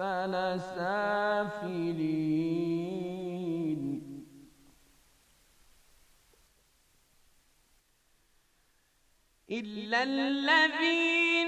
أسفل سافلين إلا الذين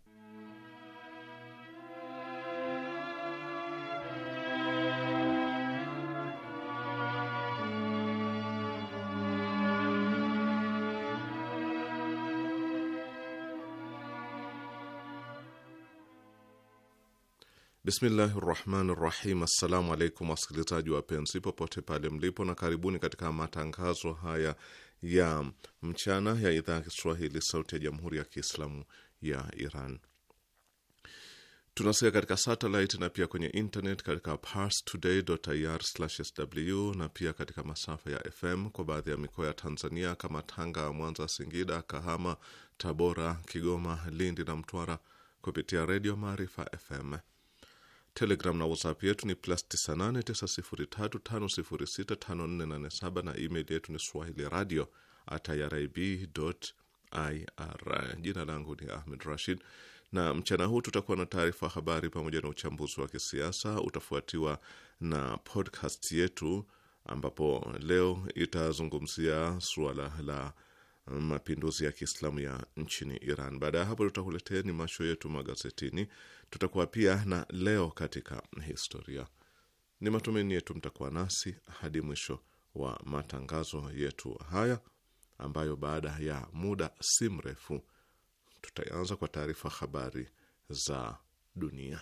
Bismillahi rahmani rahim. Assalamu alaikum wasikilizaji wapenzi popote pale mlipo, na karibuni katika matangazo haya ya mchana ya idhaa ya Kiswahili sauti ya jamhuri ya Kiislamu ya Iran. Tunasikia katika satelit na pia kwenye internet katika parstoday.ir/sw na pia katika masafa ya FM kwa baadhi ya mikoa ya Tanzania kama Tanga, Mwanza, Singida, Kahama, Tabora, Kigoma, Lindi na Mtwara kupitia redio Maarifa FM. Telegram na WhatsApp yetu ni plus 989035065487 na email yetu ni swahili radio at Jina langu ni Ahmed Rashid, na mchana huu tutakuwa na taarifa habari pamoja na uchambuzi wa kisiasa utafuatiwa na podcast yetu ambapo leo itazungumzia suala la mapinduzi ya Kiislamu ya nchini Iran. Baada ya hapo, tutakuleteni macho yetu magazetini. Tutakuwa pia na leo katika historia. Ni matumaini yetu mtakuwa nasi hadi mwisho wa matangazo yetu haya, ambayo baada ya muda si mrefu tutaanza kwa taarifa habari za dunia.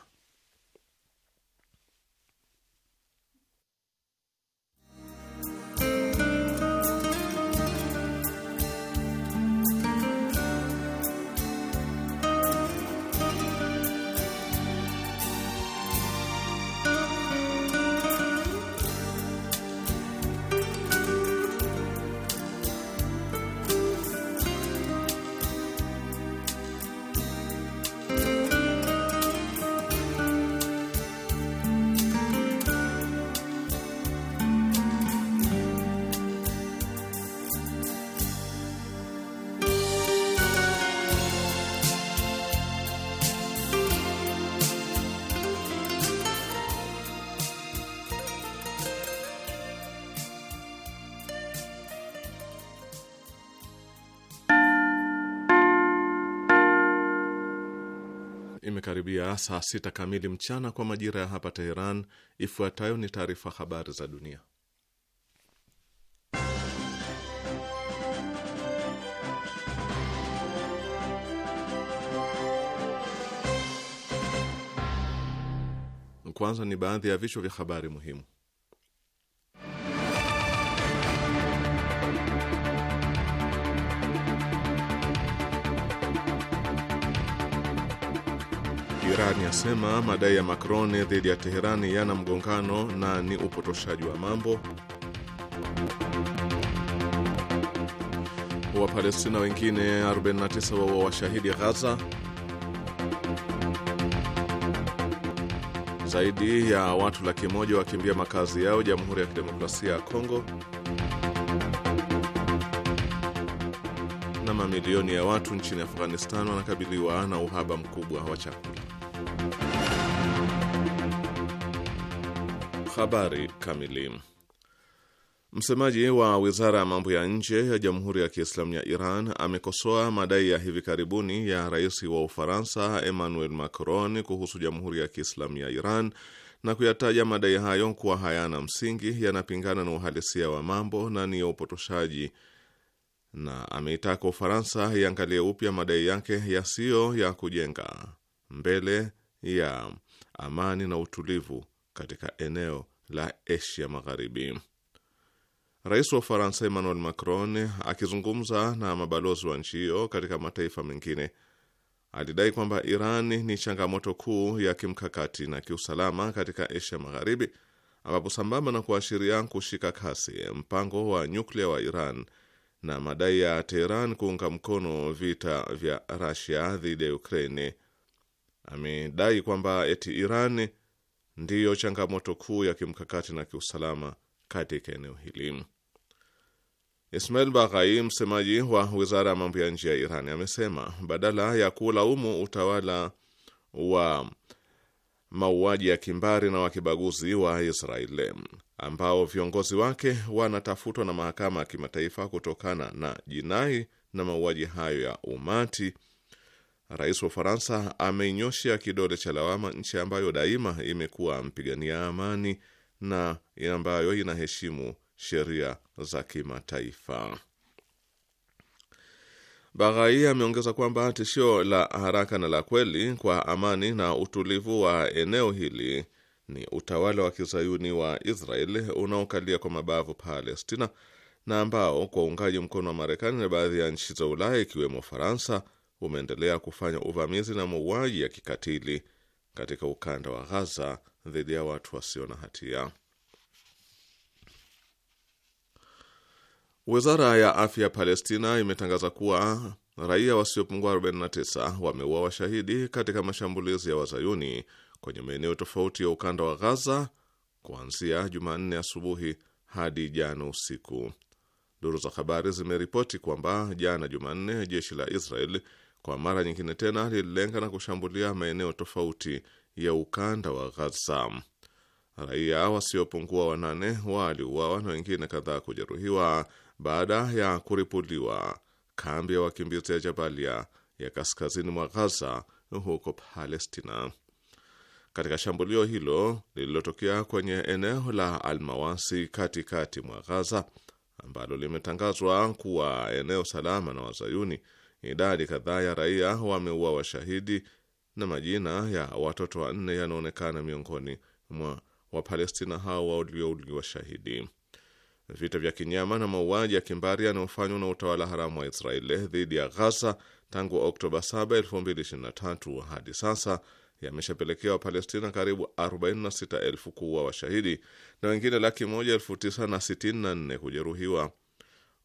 Imekaribia saa sita kamili mchana kwa majira ya hapa Teheran. Ifuatayo ni taarifa habari za dunia. Kwanza ni baadhi ya vichwa vya habari muhimu. Irani yasema madai ya Macron dhidi ya Teherani yana mgongano na ni upotoshaji wa mambo. Wapalestina wengine 49 wawa washahidi Ghaza. Zaidi ya watu laki moja wakimbia makazi yao Jamhuri ya Kidemokrasia ya Kongo, na mamilioni ya watu nchini Afghanistan wanakabiliwa na uhaba mkubwa wa chakula. Habari kamili. Msemaji wa wizara ya mambo ya nje ya Jamhuri ya Kiislamu ya Iran amekosoa madai ya hivi karibuni ya rais wa Ufaransa Emmanuel Macron kuhusu Jamhuri ya Kiislamu ya Iran na kuyataja madai hayo kuwa hayana msingi, yanapingana na uhalisia wa mambo na ni ya upotoshaji, na ameitaka Ufaransa iangalie upya madai yake yasiyo ya kujenga mbele ya amani na utulivu katika eneo la Asia Magharibi. Rais wa Ufaransa Emmanuel Macron akizungumza na mabalozi wa nchi hiyo katika mataifa mengine alidai kwamba Iran ni changamoto kuu ya kimkakati na kiusalama katika Asia Magharibi, ambapo sambamba na kuashiria kushika kasi mpango wa nyuklia wa Iran na madai ya Teheran kuunga mkono vita vya Russia dhidi ya Ukraine amedai kwamba eti Iran ndiyo changamoto kuu ya kimkakati na kiusalama katika eneo hili. Ismail Baghai, msemaji wa wizara ya mambo ya nje ya Iran, amesema badala ya kulaumu utawala wa mauaji ya kimbari na wakibaguzi wa Israeli ambao viongozi wake wanatafutwa na mahakama ya kimataifa kutokana na jinai na mauaji hayo ya umati Rais wa Ufaransa ameinyosha kidole cha lawama nchi ambayo daima imekuwa mpigania amani na ambayo inaheshimu sheria za kimataifa. Baghai ameongeza kwamba tishio la haraka na la kweli kwa amani na utulivu wa eneo hili ni utawala wa kizayuni wa Israel unaokalia kwa mabavu Palestina na ambao kwa uungaji mkono wa Marekani na baadhi ya nchi za Ulaya ikiwemo Faransa umeendelea kufanya uvamizi na mauaji ya kikatili katika ukanda wa Ghaza dhidi ya watu wasio na hatia. Wizara ya afya ya Palestina imetangaza kuwa raia wasiopungua 49 wameua washahidi katika mashambulizi ya wazayuni kwenye maeneo tofauti ya ukanda wa Ghaza kuanzia Jumanne asubuhi hadi jana usiku. Duru za habari zimeripoti kwamba jana Jumanne jeshi la Israel kwa mara nyingine tena lililenga na kushambulia maeneo tofauti ya ukanda wa Ghaza. Raia wasiopungua wanane waliuawa na wengine kadhaa kujeruhiwa baada ya kuripuliwa kambi ya wakimbizi ya Jabalia ya kaskazini mwa Ghaza huko Palestina. Katika shambulio hilo lililotokea kwenye eneo la Almawasi katikati mwa Ghaza ambalo limetangazwa kuwa eneo salama na Wazayuni, Idadi kadhaa ya raia wameua washahidi na majina ya watoto wanne yanaonekana miongoni mwa Wapalestina hao waliouliwa shahidi. Vita vya kinyama na mauaji ya kimbari yanayofanywa na utawala haramu wa Israeli dhidi ya Ghaza tangu Oktoba 7, 2023 hadi sasa yameshapelekea Wapalestina karibu 46,000 kuua washahidi na wengine laki moja elfu tisa na sitini na nne kujeruhiwa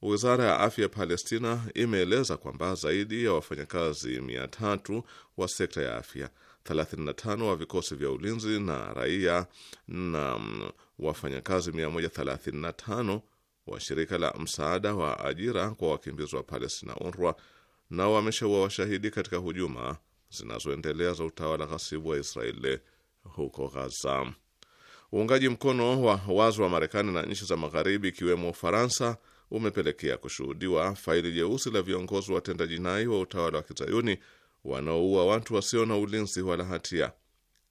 Wizara ya afya ya Palestina imeeleza kwamba zaidi ya wafanyakazi 3 wa sekta ya afya, 35 wa vikosi vya ulinzi na raia na mm, wafanyakazi 135 wa shirika la msaada wa ajira kwa wakimbizi wa Palestina UNRWA nao wameshaua washahidi katika hujuma zinazoendelea za utawala ghasibu wa Israeli huko Gaza. Uungaji mkono wa wazi wa Marekani na nchi za Magharibi ikiwemo Ufaransa umepelekea kushuhudiwa faili jeusi la viongozi wa watenda jinai wa utawala wa kizayuni wanaoua watu wasio na ulinzi wala hatia.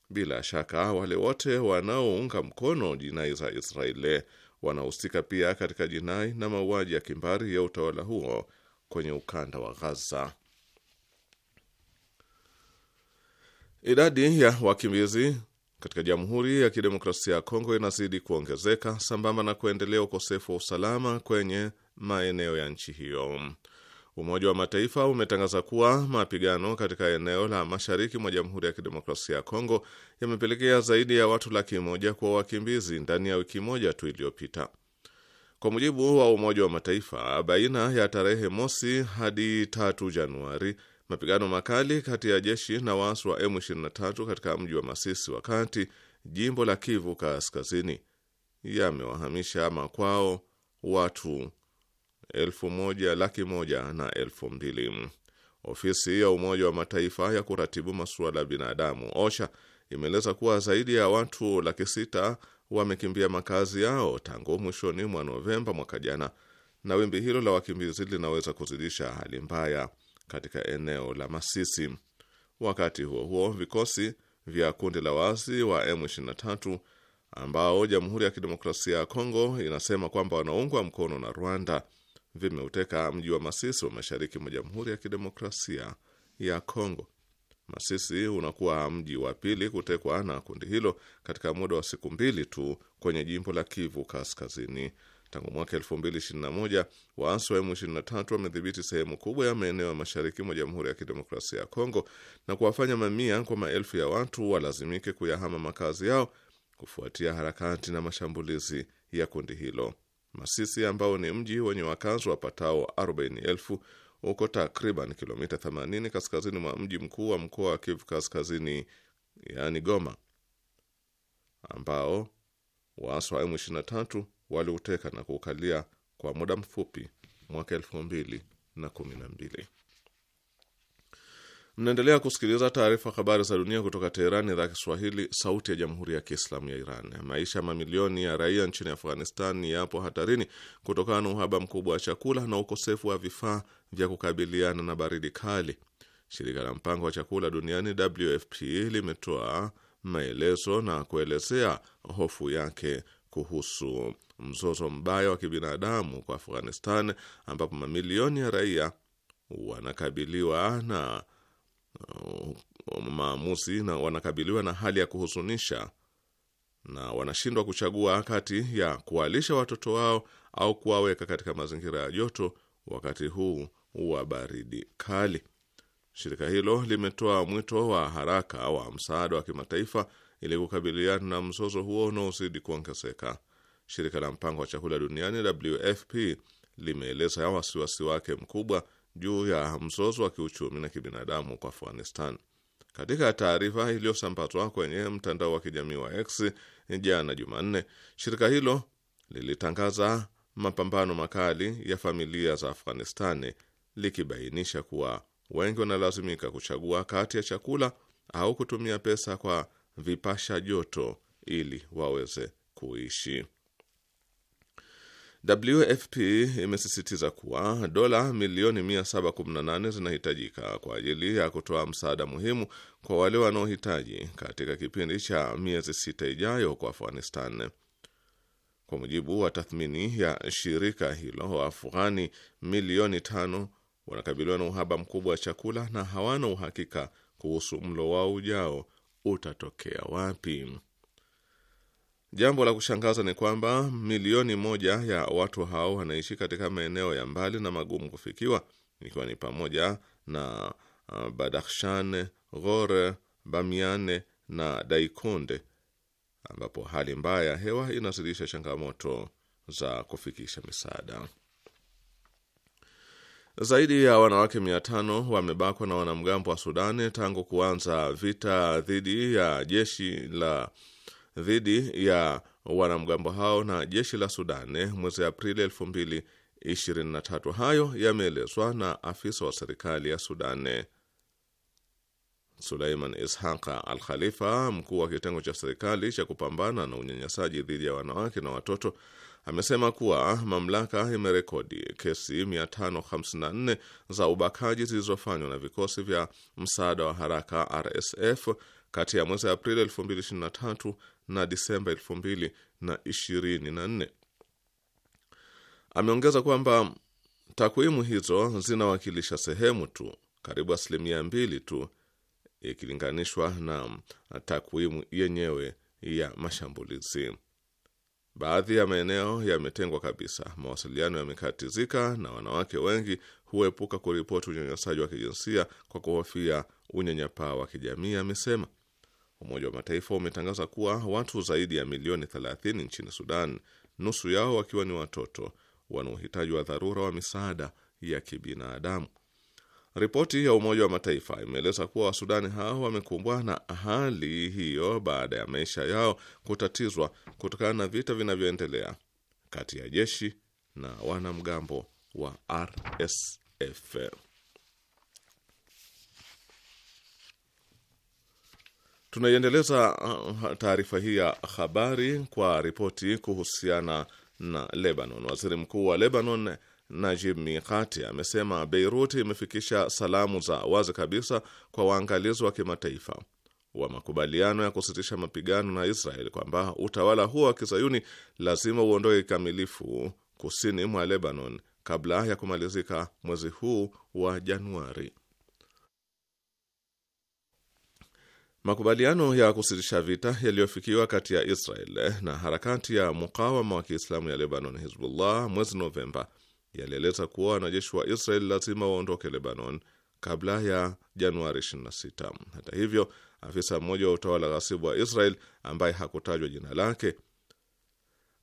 Bila shaka wale wote wanaounga mkono jinai za Israeli wanahusika pia katika jinai na mauaji ya kimbari ya utawala huo kwenye ukanda wa Gaza. Idadi ya wakimbizi katika Jamhuri ya Kidemokrasia ya Kongo inazidi kuongezeka sambamba na kuendelea ukosefu wa usalama kwenye maeneo ya nchi hiyo. Umoja wa Mataifa umetangaza kuwa mapigano katika eneo la mashariki mwa Jamhuri ya Kidemokrasia ya Kongo yamepelekea zaidi ya watu laki moja kuwa wakimbizi ndani ya wiki moja tu iliyopita. Kwa mujibu wa Umoja wa Mataifa, baina ya tarehe mosi hadi tatu Januari Mapigano makali kati ya jeshi na waasi wa M23 katika mji wa Masisi wa kati, jimbo la Kivu Kaskazini, yamewahamisha makwao watu elfu moja laki moja na elfu mbili. Ofisi ya Umoja wa Mataifa ya kuratibu masuala ya binadamu OSHA imeeleza kuwa zaidi ya watu laki sita wamekimbia makazi yao tangu mwishoni mwa Novemba mwaka jana, na wimbi hilo la wakimbizi linaweza kuzidisha hali mbaya katika eneo la Masisi. Wakati huo huo, vikosi vya kundi la waasi wa M23 ambao Jamhuri ya Kidemokrasia ya Kongo inasema kwamba wanaungwa mkono na Rwanda vimeuteka mji wa Masisi wa mashariki mwa Jamhuri ya Kidemokrasia ya Kongo. Masisi unakuwa mji wa pili kutekwa na kundi hilo katika muda wa siku mbili tu kwenye jimbo la Kivu Kaskazini. Tangu mwaka 2021 waasi wa M23 wamedhibiti sehemu kubwa ya maeneo ya mashariki mwa Jamhuri ya Kidemokrasia ya Kongo na kuwafanya mamia kwa maelfu ya watu walazimike kuyahama makazi yao kufuatia harakati na mashambulizi ya kundi hilo. Masisi ambao ni mji wenye wakazi wapatao 40,000 uko takriban kilomita 80 kaskazini mwa mji mkuu wa mkoa wa Kivu Kaskazini, yaani Goma, ambao waasi wa M23 waliuteka na kuukalia kwa muda mfupi mwaka elfu mbili na kumi na mbili. Mnaendelea kusikiliza taarifa habari za dunia kutoka Teherani, idhaa Kiswahili, sauti ya jamhuri ya kiislamu ya Iran. Maisha ya mamilioni ya raia nchini Afghanistan yapo hatarini kutokana na uhaba mkubwa wa chakula na ukosefu wa vifaa vya kukabiliana na baridi kali. Shirika la mpango wa chakula duniani WFP limetoa maelezo na kuelezea hofu yake kuhusu mzozo mbaya wa kibinadamu kwa Afghanistan, ambapo mamilioni ya raia wanakabiliwa na uh, maamuzi na wanakabiliwa na hali ya kuhuzunisha na wanashindwa kuchagua kati ya kuwalisha watoto wao au kuwaweka katika mazingira ya joto wakati huu wa baridi kali. Shirika hilo limetoa mwito wa haraka wa msaada wa kimataifa ili kukabiliana na mzozo huo unaozidi kuongezeka. Shirika la mpango wa chakula duniani WFP limeeleza wasiwasi wake mkubwa juu ya mzozo wa kiuchumi na kibinadamu kwa Afghanistan. Katika taarifa iliyosambazwa kwenye mtandao wa kijamii wa X jana Jumanne, shirika hilo lilitangaza mapambano makali ya familia za Afghanistani likibainisha kuwa wengi wanalazimika kuchagua kati ya chakula au kutumia pesa kwa vipasha joto ili waweze kuishi. WFP imesisitiza kuwa dola milioni 718 zinahitajika kwa ajili ya kutoa msaada muhimu kwa wale wanaohitaji katika kipindi cha miezi sita ijayo kwa Afghanistan. Kwa mujibu wa tathmini ya shirika hilo, Waafghani milioni tano wanakabiliwa na uhaba mkubwa wa chakula na hawana uhakika kuhusu mlo wao ujao utatokea wapi. Jambo la kushangaza ni kwamba milioni moja ya watu hao wanaishi katika maeneo ya mbali na magumu kufikiwa, ikiwa ni pamoja na uh, Badakhshan, Ghor, Bamiane na Daikonde, ambapo hali mbaya ya hewa inazidisha changamoto za kufikisha misaada. Zaidi ya wanawake mia tano wamebakwa na wanamgambo wa Sudani tangu kuanza vita dhidi ya jeshi la dhidi ya wanamgambo hao na jeshi la Sudan eh, mwezi Aprili 2023. Hayo yameelezwa na afisa wa serikali ya Sudan eh. Suleiman ishaq Al Khalifa, mkuu wa kitengo cha serikali cha kupambana na unyanyasaji dhidi ya wanawake na watoto, amesema kuwa mamlaka imerekodi kesi 554 za ubakaji zilizofanywa na vikosi vya msaada wa haraka RSF kati ya mwezi Aprili 2023 na Disemba 2024. Ameongeza kwamba takwimu hizo zinawakilisha sehemu tu, karibu asilimia mbili tu ikilinganishwa na takwimu yenyewe ya mashambulizi. Baadhi ya maeneo yametengwa kabisa, mawasiliano yamekatizika, na wanawake wengi huepuka kuripoti unyanyasaji wa kijinsia kwa kuhofia unyanyapaa wa kijamii, amesema. Umoja wa Mataifa umetangaza kuwa watu zaidi ya milioni 30 nchini Sudan, nusu yao wakiwa ni watoto, wana uhitaji wa dharura wa misaada ya kibinadamu. Ripoti ya Umoja wa Mataifa imeeleza kuwa Wasudani hao wamekumbwa na hali hiyo baada ya maisha yao kutatizwa kutokana na vita vinavyoendelea kati ya jeshi na wanamgambo wa RSF. Tunaiendeleza uh, taarifa hii ya habari kwa ripoti kuhusiana na Lebanon. Waziri mkuu wa Lebanon Najib Mikati amesema Beirut imefikisha salamu za wazi kabisa kwa waangalizi wa kimataifa wa makubaliano ya kusitisha mapigano na Israel kwamba utawala huo wa kizayuni lazima uondoe kikamilifu kusini mwa Lebanon kabla ya kumalizika mwezi huu wa Januari. Makubaliano ya kusitisha vita yaliyofikiwa kati ya Israel na harakati ya mukawama wa Kiislamu ya Lebanon, Hizbullah, mwezi Novemba yalieleza kuwa wanajeshi wa Israel lazima waondoke Lebanon kabla ya Januari 26. Hata hivyo, afisa mmoja wa utawala ghasibu wa Israel ambaye hakutajwa jina lake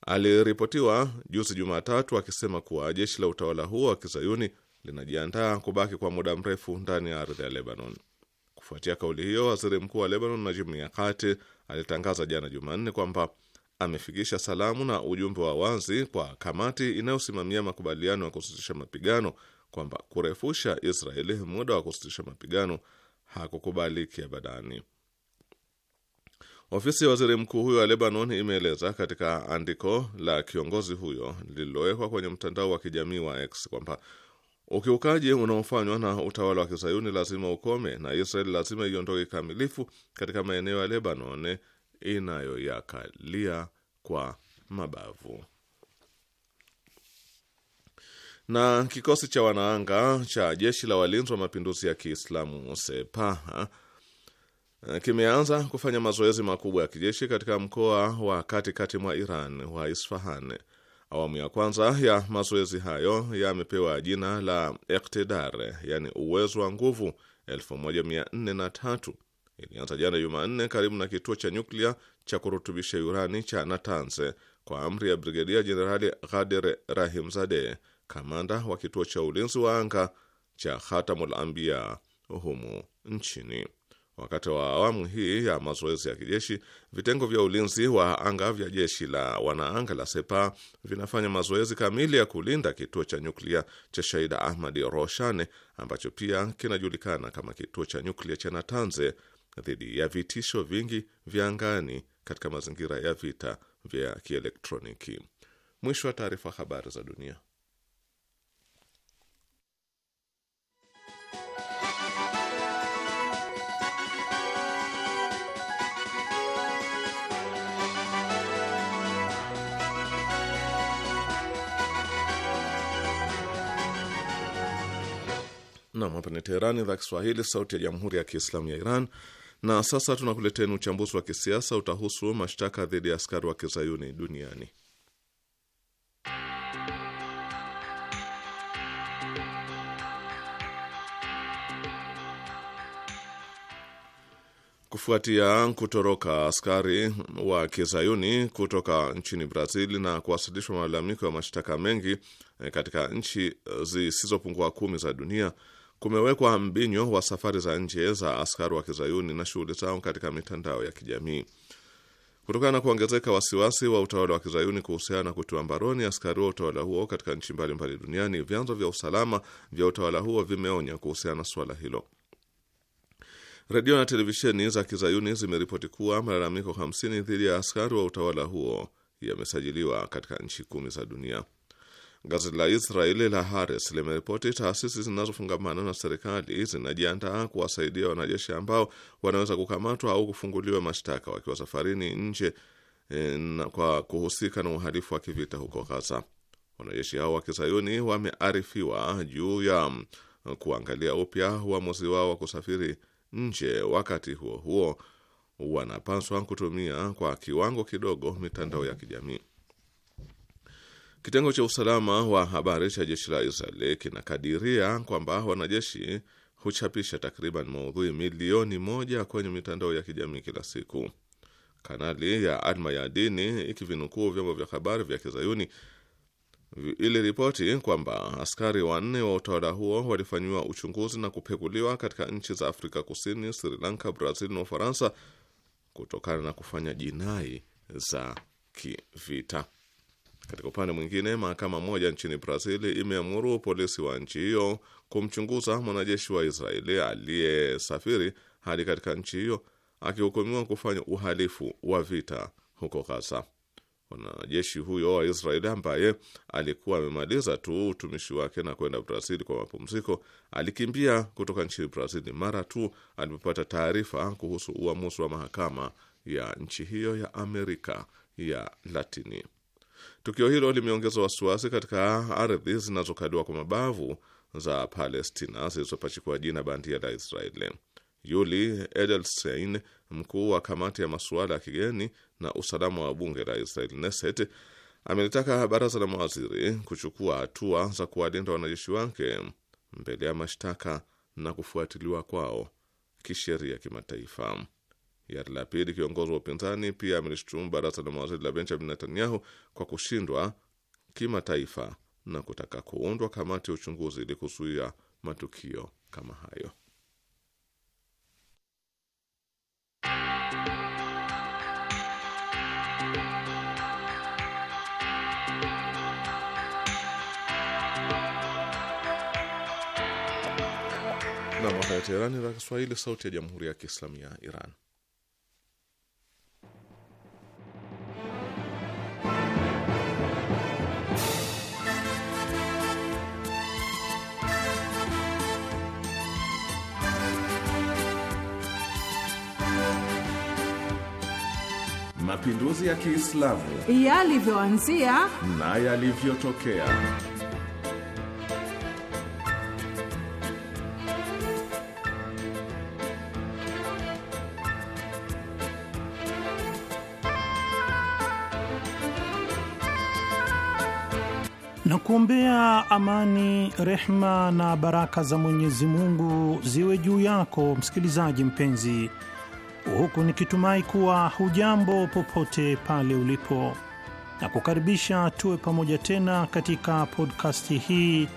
aliripotiwa juzi Jumatatu akisema kuwa jeshi la utawala huo wa kizayuni linajiandaa kubaki kwa muda mrefu ndani ya ardhi ya Lebanon. Kufuatia kauli hiyo, waziri mkuu wa Lebanon Najib Mikati alitangaza jana Jumanne kwamba amefikisha salamu na ujumbe wa wazi kwa kamati inayosimamia makubaliano ya kusitisha mapigano kwamba kurefusha Israeli muda wa kusitisha mapigano hakukubaliki abadani. Ofisi ya waziri mkuu huyo wa Lebanon imeeleza katika andiko la kiongozi huyo lililowekwa kwenye mtandao wa kijamii wa X kwamba Ukiukaji unaofanywa na utawala wa kizayuni lazima ukome na Israel lazima iondoke kikamilifu katika maeneo ya Lebanon inayoyakalia kwa mabavu. Na kikosi cha wanaanga cha jeshi la walinzi wa mapinduzi ya Kiislamu Sepaha kimeanza kufanya mazoezi makubwa ya kijeshi katika mkoa wa katikati mwa Iran wa Isfahan Awamu ya kwanza ya mazoezi hayo yamepewa jina la Ektidar, yani uwezo wa nguvu 1403. Ilianza jana Jumanne karibu na kituo cha nyuklia cha kurutubisha urani cha Natanze kwa amri ya Brigedia Jenerali Ghadir rahimzade kamanda wa kituo cha ulinzi wa anga cha Hatamul ambia humu nchini. Wakati wa awamu hii ya mazoezi ya kijeshi, vitengo vya ulinzi wa anga vya jeshi la wanaanga la Sepa vinafanya mazoezi kamili ya kulinda kituo cha nyuklia cha Shahida Ahmad Roshane ambacho pia kinajulikana kama kituo cha nyuklia cha Natanze dhidi ya vitisho vingi vya angani katika mazingira ya vita vya kielektroniki. Mwisho wa taarifa. Habari za dunia. Nam, hapa ni Teherani, idhaa Kiswahili, sauti ya jamhuri ya kiislamu ya Iran. Na sasa tunakuleteni uchambuzi wa kisiasa, utahusu mashtaka dhidi ya askari wa kizayuni duniani. Kufuatia kutoroka askari wa kizayuni kutoka nchini Brazil na kuwasilishwa malalamiko ya mashtaka mengi eh, katika nchi eh, zisizopungua kumi za dunia kumewekwa mbinyo wa safari za nje za askari wa kizayuni na shughuli zao katika mitandao ya kijamii. Kutokana na kuongezeka wasiwasi wa utawala wa kizayuni kuhusiana na kutiwa mbaroni askari wa utawala huo katika nchi mbalimbali duniani, vyanzo vya usalama vya utawala huo vimeonya kuhusiana na suala hilo. Redio na televisheni za kizayuni zimeripoti kuwa malalamiko 50 dhidi ya askari wa utawala huo yamesajiliwa katika nchi kumi za dunia. Gazeti la Israeli la Haris limeripoti taasisi zinazofungamana na serikali zinajiandaa kuwasaidia wanajeshi ambao wanaweza kukamatwa au kufunguliwa mashtaka wakiwa safarini nje e, na kwa kuhusika na uhalifu wa kivita huko Gaza. Wanajeshi hao wa Kisayuni wamearifiwa juu ya e, kuangalia upya uamuzi wao wa kusafiri nje. Wakati huo huo, wanapaswa kutumia kwa kiwango kidogo mitandao ya kijamii. Kitengo cha usalama wa habari cha jeshi la Israeli kinakadiria kwamba wanajeshi huchapisha takriban maudhui milioni moja kwenye mitandao ya kijamii kila siku. Kanali ya Almayadini ikivinukuu vyombo vya habari vya kizayuni iliripoti kwamba askari wanne wa utawala huo walifanyiwa uchunguzi na kupekuliwa katika nchi za Afrika Kusini, Sri Lanka, Brazil na Ufaransa kutokana na kufanya jinai za kivita. Katika upande mwingine, mahakama moja nchini Brazil imeamuru polisi wa nchi hiyo kumchunguza mwanajeshi wa Israeli aliyesafiri hadi katika nchi hiyo akihukumiwa kufanya uhalifu wa vita huko Gaza. Mwanajeshi huyo wa Israeli ambaye alikuwa amemaliza tu utumishi wake na kwenda Brazil kwa mapumziko, alikimbia kutoka nchini Brazil mara tu alipopata taarifa kuhusu uamuzi wa mahakama ya nchi hiyo ya Amerika ya Latini. Tukio hilo limeongeza wasiwasi katika ardhi zinazokaliwa kwa mabavu za Palestina zilizopachikwa jina bandia la Israeli. Yuli Edelstein, mkuu wa kamati ya masuala ya kigeni na usalama wa bunge la israel neset amelitaka baraza la mawaziri kuchukua hatua za kuwalinda wanajeshi wake mbele ya mashtaka na kufuatiliwa kwao kisheria kimataifa. Yari la pili, kiongozi wa upinzani pia amelishutumu baraza la mawaziri la Benjamin Netanyahu kwa kushindwa kimataifa na kutaka kuundwa kamati ya uchunguzi ili kuzuia matukio kama hayo. Nam, Teherani, idhaa Kiswahili, sauti ya jamhuri ya kiislamu ya Iran. mapinduzi ya Kiislamu yalivyoanzia na yalivyotokea. na kuombea amani, rehma na baraka za Mwenyezi Mungu ziwe juu yako msikilizaji mpenzi huku nikitumai kuwa hujambo popote pale ulipo, na kukaribisha tuwe pamoja tena katika podkasti hii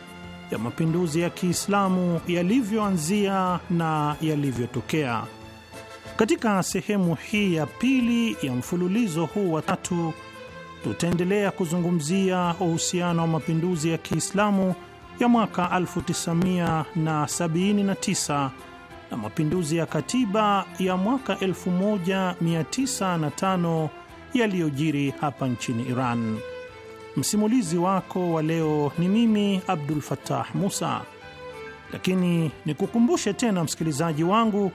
ya mapinduzi ya Kiislamu yalivyoanzia na yalivyotokea. Katika sehemu hii ya pili ya mfululizo huu wa tatu, tutaendelea kuzungumzia uhusiano wa mapinduzi ya Kiislamu ya mwaka 1979 na mapinduzi ya katiba ya mwaka 1905 yaliyojiri hapa nchini Iran. Msimulizi wako wa leo ni mimi Abdul Fattah Musa, lakini nikukumbushe tena msikilizaji wangu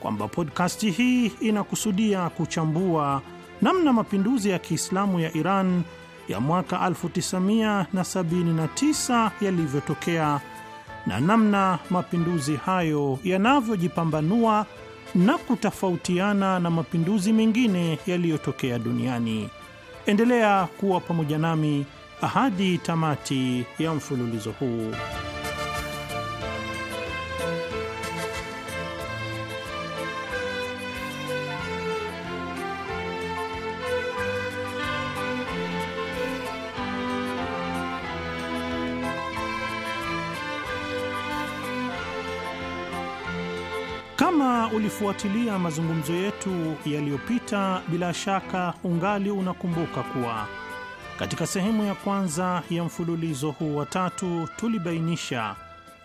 kwamba podkasti hii inakusudia kuchambua namna mapinduzi ya Kiislamu ya Iran ya mwaka 1979 yalivyotokea na namna mapinduzi hayo yanavyojipambanua na kutofautiana na mapinduzi mengine yaliyotokea duniani. Endelea kuwa pamoja nami hadi tamati ya mfululizo huu. Kama ulifuatilia mazungumzo yetu yaliyopita, bila shaka ungali unakumbuka kuwa katika sehemu ya kwanza ya mfululizo huu wa tatu tulibainisha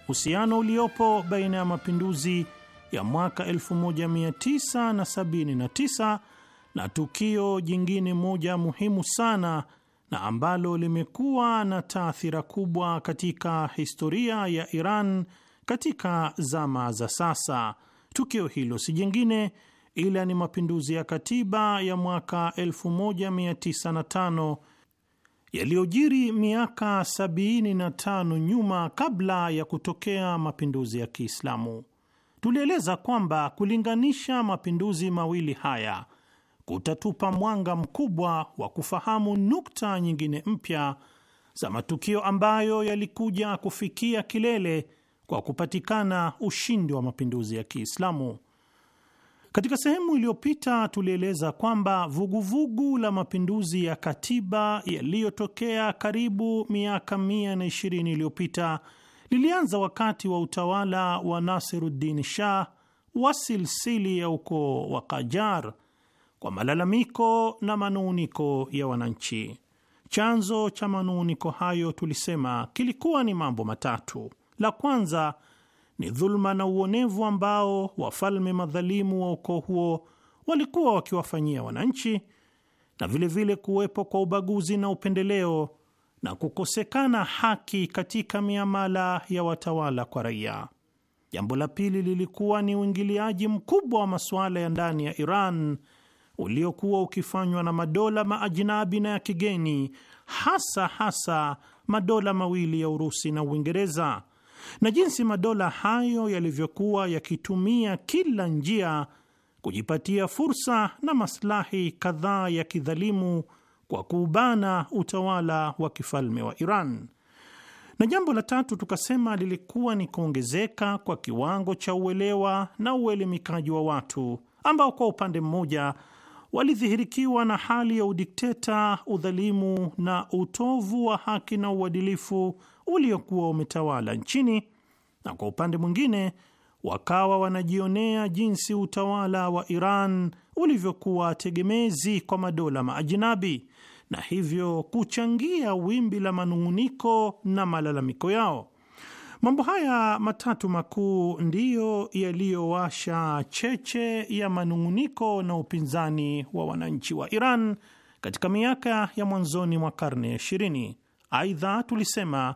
uhusiano uliopo baina ya mapinduzi ya mwaka 1979 na, na tukio jingine moja muhimu sana na ambalo limekuwa na taathira kubwa katika historia ya Iran katika zama za sasa Tukio hilo si jingine ila ni mapinduzi ya katiba ya mwaka 1905 yaliyojiri miaka 75 nyuma kabla ya kutokea mapinduzi ya Kiislamu. Tulieleza kwamba kulinganisha mapinduzi mawili haya kutatupa mwanga mkubwa wa kufahamu nukta nyingine mpya za matukio ambayo yalikuja kufikia kilele kwa kupatikana ushindi wa mapinduzi ya Kiislamu. Katika sehemu iliyopita tulieleza kwamba vuguvugu vugu la mapinduzi ya katiba yaliyotokea karibu miaka mia na ishirini iliyopita lilianza wakati wa utawala wa Nasiruddin Shah wa silsili ya ukoo wa Kajar kwa malalamiko na manuuniko ya wananchi. Chanzo cha manuniko hayo tulisema kilikuwa ni mambo matatu. La kwanza ni dhuluma na uonevu ambao wafalme madhalimu wa ukoo huo walikuwa wakiwafanyia wananchi, na vilevile kuwepo kwa ubaguzi na upendeleo na kukosekana haki katika miamala ya watawala kwa raia. Jambo la pili lilikuwa ni uingiliaji mkubwa wa masuala ya ndani ya Iran uliokuwa ukifanywa na madola maajinabi na ya kigeni, hasa hasa madola mawili ya Urusi na Uingereza na jinsi madola hayo yalivyokuwa yakitumia kila njia kujipatia fursa na maslahi kadhaa ya kidhalimu kwa kuubana utawala wa kifalme wa Iran. Na jambo la tatu tukasema lilikuwa ni kuongezeka kwa kiwango cha uelewa na uelimikaji wa watu ambao kwa upande mmoja walidhihirikiwa na hali ya udikteta, udhalimu na utovu wa haki na uadilifu uliokuwa umetawala nchini, na kwa upande mwingine wakawa wanajionea jinsi utawala wa Iran ulivyokuwa tegemezi kwa madola maajinabi na hivyo kuchangia wimbi la manung'uniko na malalamiko yao. Mambo haya matatu makuu ndiyo yaliyowasha cheche ya manung'uniko na upinzani wa wananchi wa Iran katika miaka ya mwanzoni mwa karne ya ishirini. Aidha tulisema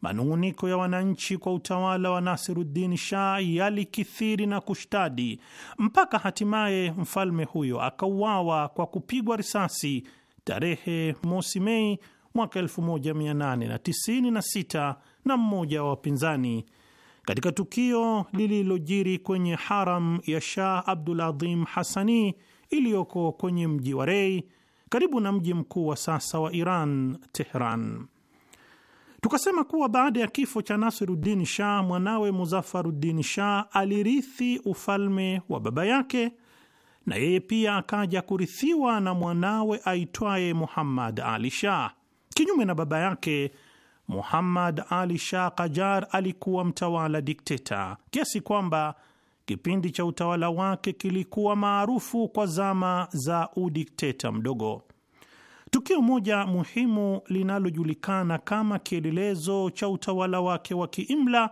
Manung'uniko ya wananchi kwa utawala wa Nasiruddin Shah yalikithiri na kushtadi mpaka hatimaye mfalme huyo akauawa kwa kupigwa risasi tarehe mosi Mei mwaka 1896 na mmoja wa wapinzani katika tukio lililojiri kwenye haram ya Shah Abdul Adhim Hasani iliyoko kwenye mji wa Rei karibu na mji mkuu wa sasa wa Iran, Tehran. Tukasema kuwa baada ya kifo cha Nasiruddin Shah, mwanawe Muzaffaruddin Shah alirithi ufalme wa baba yake, na yeye pia akaja kurithiwa na mwanawe aitwaye Muhammad Ali Shah. Kinyume na baba yake, Muhammad Ali Shah kajar alikuwa mtawala dikteta kiasi kwamba kipindi cha utawala wake kilikuwa maarufu kwa zama za udikteta mdogo. Tukio moja muhimu linalojulikana kama kielelezo cha utawala wake wa kiimla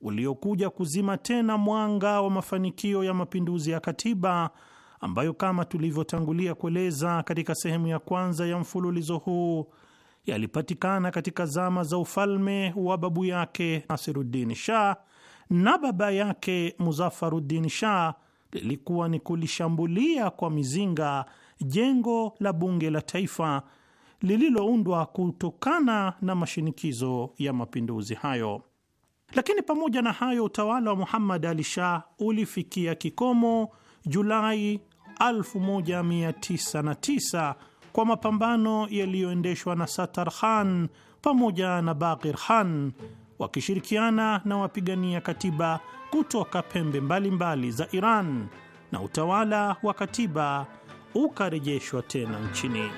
uliokuja kuzima tena mwanga wa mafanikio ya mapinduzi ya katiba ambayo kama tulivyotangulia kueleza katika sehemu ya kwanza ya mfululizo huu yalipatikana katika zama za ufalme wa babu yake Nasiruddin Shah na baba yake Muzaffaruddin Shah, lilikuwa ni kulishambulia kwa mizinga jengo la bunge la taifa lililoundwa kutokana na mashinikizo ya mapinduzi hayo. Lakini pamoja na hayo, utawala wa Muhammad Ali Shah ulifikia kikomo Julai 1909 kwa mapambano yaliyoendeshwa na Satar Khan pamoja na bagir Khan wakishirikiana na wapigania katiba kutoka pembe mbalimbali mbali za Iran na utawala wa katiba ukarejeshwa tena nchini.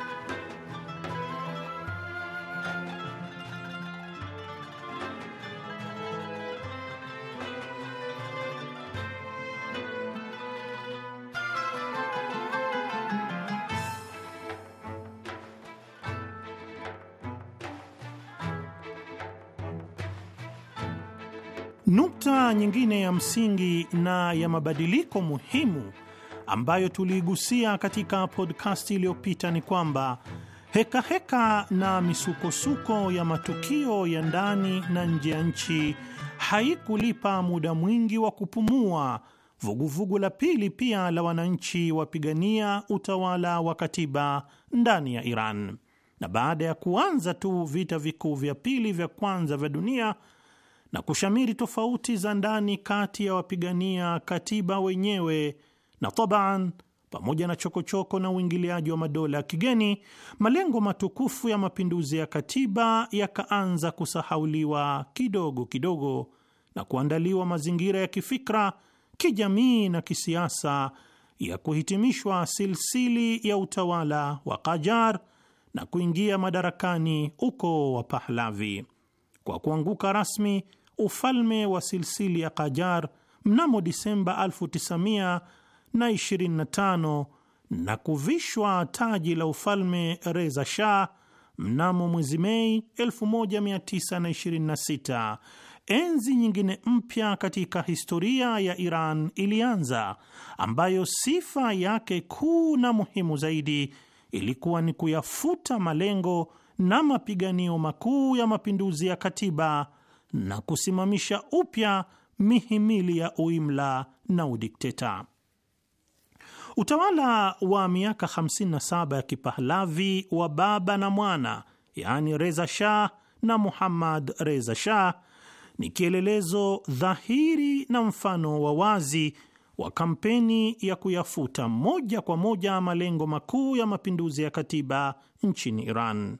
Nukta nyingine ya msingi na ya mabadiliko muhimu ambayo tuliigusia katika podkasti iliyopita ni kwamba hekaheka heka na misukosuko ya matukio ya ndani na nje ya nchi haikulipa muda mwingi wa kupumua vuguvugu vugu la pili pia la wananchi wapigania utawala wa katiba ndani ya Iran. Na baada ya kuanza tu vita vikuu vya pili vya kwanza vya dunia na kushamiri tofauti za ndani kati ya wapigania katiba wenyewe na taban, pamoja na chokochoko na uingiliaji wa madola ya kigeni, malengo matukufu ya mapinduzi ya katiba yakaanza kusahauliwa kidogo kidogo na kuandaliwa mazingira ya kifikra, kijamii na kisiasa ya kuhitimishwa silsili ya utawala wa Qajar na kuingia madarakani ukoo wa Pahlavi. Kwa kuanguka rasmi ufalme wa silsili ya Qajar mnamo Disemba na 25 na kuvishwa taji la ufalme Reza Shah mnamo mwezi Mei 1926. Enzi nyingine mpya katika historia ya Iran ilianza, ambayo sifa yake kuu na muhimu zaidi ilikuwa ni kuyafuta malengo na mapiganio makuu ya mapinduzi ya katiba na kusimamisha upya mihimili ya uimla na udikteta. Utawala wa miaka 57 ya Kipahlavi wa baba na mwana, yaani Reza Shah na Muhammad Reza Shah, ni kielelezo dhahiri na mfano wa wazi wa kampeni ya kuyafuta moja kwa moja malengo makuu ya mapinduzi ya katiba nchini Iran.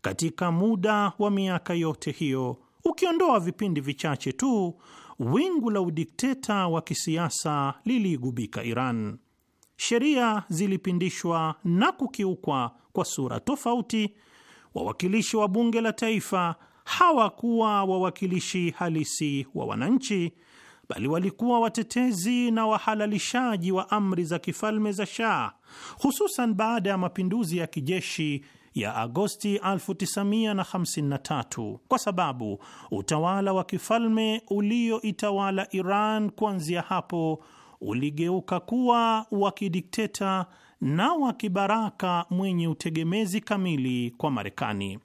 Katika muda wa miaka yote hiyo, ukiondoa vipindi vichache tu, wingu la udikteta wa kisiasa liliigubika Iran sheria zilipindishwa na kukiukwa kwa sura tofauti, wawakilishi wa bunge la taifa hawakuwa wawakilishi halisi wa wananchi, bali walikuwa watetezi na wahalalishaji wa amri za kifalme za Shah, hususan baada ya mapinduzi ya kijeshi ya Agosti 1953 kwa sababu utawala wa kifalme ulioitawala Iran kuanzia hapo uligeuka kuwa wa kidikteta na wa kibaraka mwenye utegemezi kamili kwa Marekani.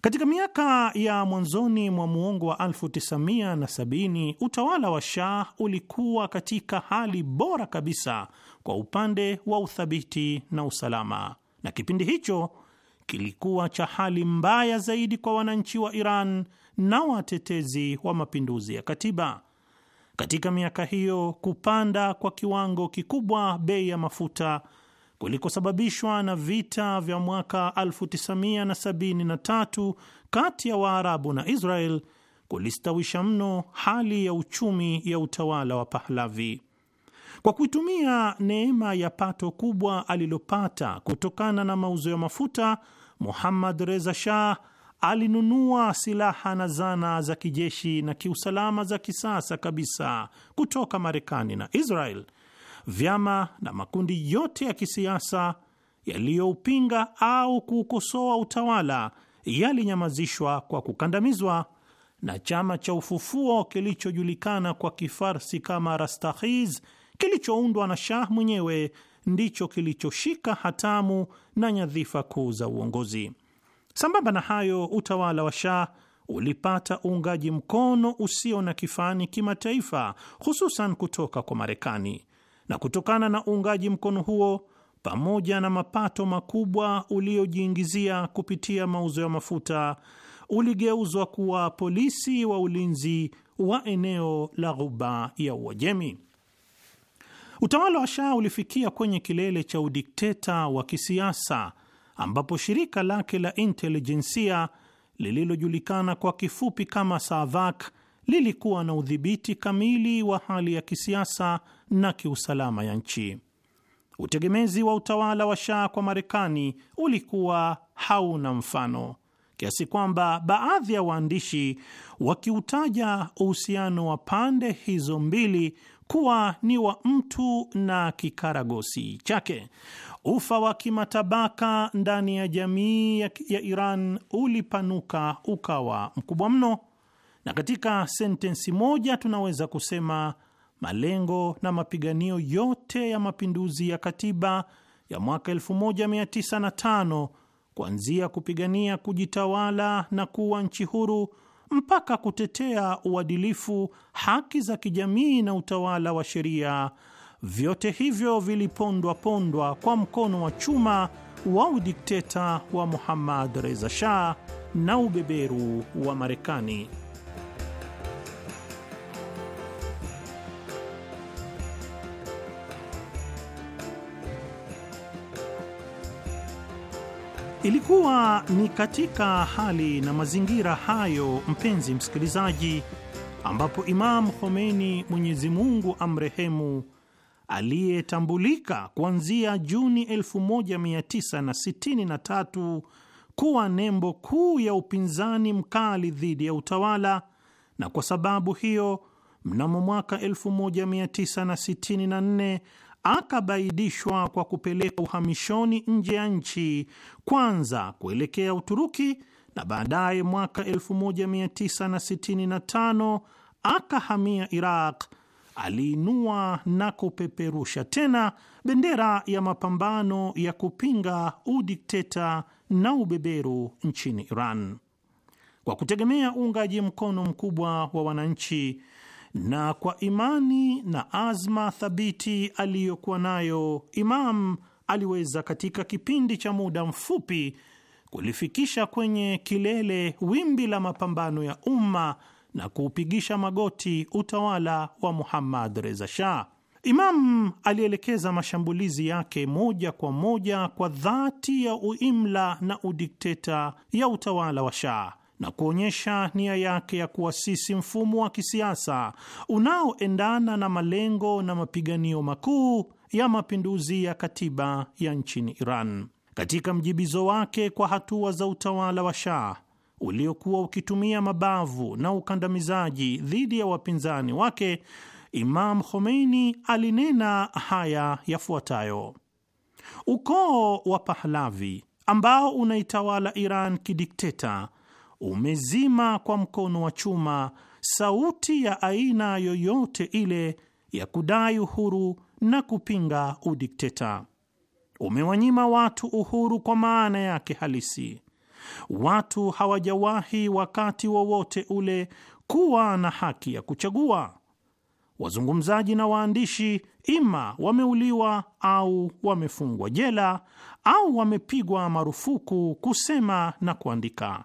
Katika miaka ya mwanzoni mwa muongo wa 1970 utawala wa Shah ulikuwa katika hali bora kabisa kwa upande wa uthabiti na usalama, na kipindi hicho kilikuwa cha hali mbaya zaidi kwa wananchi wa Iran na watetezi wa mapinduzi ya katiba. Katika miaka hiyo kupanda kwa kiwango kikubwa bei ya mafuta kulikosababishwa na vita vya mwaka 1973 kati ya Waarabu na Israel kulistawisha mno hali ya uchumi ya utawala wa Pahlavi. Kwa kuitumia neema ya pato kubwa alilopata kutokana na mauzo ya mafuta, Muhammad Reza Shah alinunua silaha na zana za kijeshi na kiusalama za kisasa kabisa kutoka Marekani na Israel, vyama na makundi yote ya kisiasa yaliyoupinga au kuukosoa utawala yalinyamazishwa kwa kukandamizwa, na chama cha ufufuo kilichojulikana kwa Kifarsi kama Rastakhiz kilichoundwa na Shah mwenyewe ndicho kilichoshika hatamu na nyadhifa kuu za uongozi. Sambamba na hayo, utawala wa Shah ulipata uungaji mkono usio na kifani kimataifa, hususan kutoka kwa Marekani, na kutokana na uungaji mkono huo pamoja na mapato makubwa uliojiingizia kupitia mauzo ya mafuta, uligeuzwa kuwa polisi wa ulinzi wa eneo la Ghuba ya Uajemi. Utawala wa Shah ulifikia kwenye kilele cha udikteta wa kisiasa ambapo shirika lake la intelijensia lililojulikana kwa kifupi kama SAVAK lilikuwa na udhibiti kamili wa hali ya kisiasa na kiusalama ya nchi. Utegemezi wa utawala wa Shah kwa Marekani ulikuwa hauna mfano kiasi kwamba baadhi ya waandishi wakiutaja uhusiano wa pande hizo mbili kuwa ni wa mtu na kikaragosi chake ufa wa kimatabaka ndani ya jamii ya Iran ulipanuka ukawa mkubwa mno, na katika sentensi moja tunaweza kusema malengo na mapiganio yote ya mapinduzi ya katiba ya mwaka 1905 kuanzia kupigania kujitawala na kuwa nchi huru mpaka kutetea uadilifu, haki za kijamii na utawala wa sheria vyote hivyo vilipondwa pondwa kwa mkono wa chuma wa udikteta wa Muhammad Reza Shah na ubeberu wa Marekani. Ilikuwa ni katika hali na mazingira hayo, mpenzi msikilizaji, ambapo Imam Khomeini, Mwenyezi Mungu amrehemu aliyetambulika kuanzia Juni 1963 kuwa nembo kuu ya upinzani mkali dhidi ya utawala, na kwa sababu hiyo mnamo mwaka 1964 akabaidishwa kwa kupeleka uhamishoni nje ya nchi, kwanza kuelekea Uturuki na baadaye mwaka 1965 akahamia Iraq aliinua na kupeperusha tena bendera ya mapambano ya kupinga udikteta na ubeberu nchini Iran kwa kutegemea uungaji mkono mkubwa wa wananchi na kwa imani na azma thabiti aliyokuwa nayo, Imam aliweza katika kipindi cha muda mfupi kulifikisha kwenye kilele wimbi la mapambano ya umma na kuupigisha magoti utawala wa Muhammad Reza Shah. Imam alielekeza mashambulizi yake moja kwa moja kwa dhati ya uimla na udikteta ya utawala wa Shah na kuonyesha nia yake ya kuasisi mfumo wa kisiasa unaoendana na malengo na mapiganio makuu ya mapinduzi ya katiba ya nchini Iran. Katika mjibizo wake kwa hatua za utawala wa Shah, uliokuwa ukitumia mabavu na ukandamizaji dhidi ya wapinzani wake, Imam Khomeini alinena haya yafuatayo: ukoo wa Pahlavi ambao unaitawala Iran kidikteta umezima kwa mkono wa chuma sauti ya aina yoyote ile ya kudai uhuru na kupinga udikteta. Umewanyima watu uhuru kwa maana yake halisi Watu hawajawahi wakati wowote ule kuwa na haki ya kuchagua. Wazungumzaji na waandishi ima wameuliwa au wamefungwa jela au wamepigwa marufuku kusema na kuandika.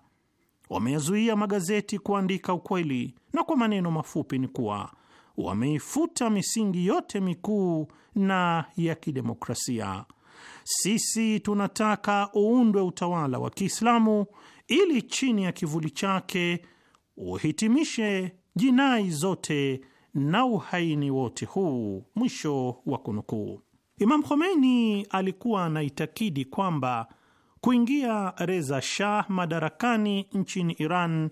Wameyazuia magazeti kuandika ukweli, na kwa maneno mafupi ni kuwa wameifuta misingi yote mikuu na ya kidemokrasia sisi tunataka uundwe utawala wa Kiislamu ili chini ya kivuli chake uhitimishe jinai zote na uhaini wote huu. Mwisho wa kunukuu. Imam Khomeini alikuwa anaitakidi kwamba kuingia Reza Shah madarakani nchini Iran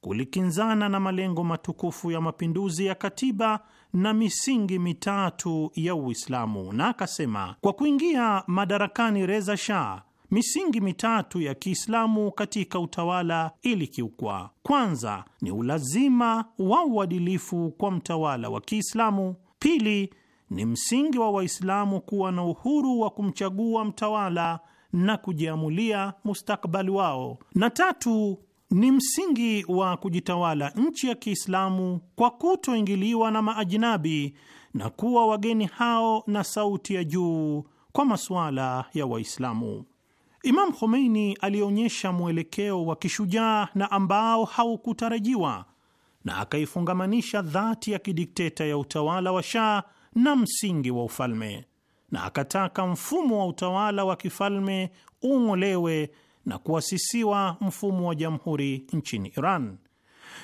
kulikinzana na malengo matukufu ya mapinduzi ya katiba na misingi mitatu ya Uislamu, na akasema kwa kuingia madarakani Reza Shah misingi mitatu ya Kiislamu katika utawala ilikiukwa. Kwanza ni ulazima wa uadilifu kwa mtawala wa Kiislamu. Pili ni msingi wa Waislamu kuwa na uhuru wa kumchagua mtawala na kujiamulia mustakbali wao, na tatu ni msingi wa kujitawala nchi ya Kiislamu kwa kutoingiliwa na maajinabi na kuwa wageni hao na sauti ya juu kwa masuala ya Waislamu. Imam Khomeini alionyesha mwelekeo wa kishujaa na ambao haukutarajiwa na akaifungamanisha dhati ya kidikteta ya utawala wa Shah na msingi wa ufalme, na akataka mfumo wa utawala wa kifalme ung'olewe na kuasisiwa mfumo wa jamhuri nchini Iran.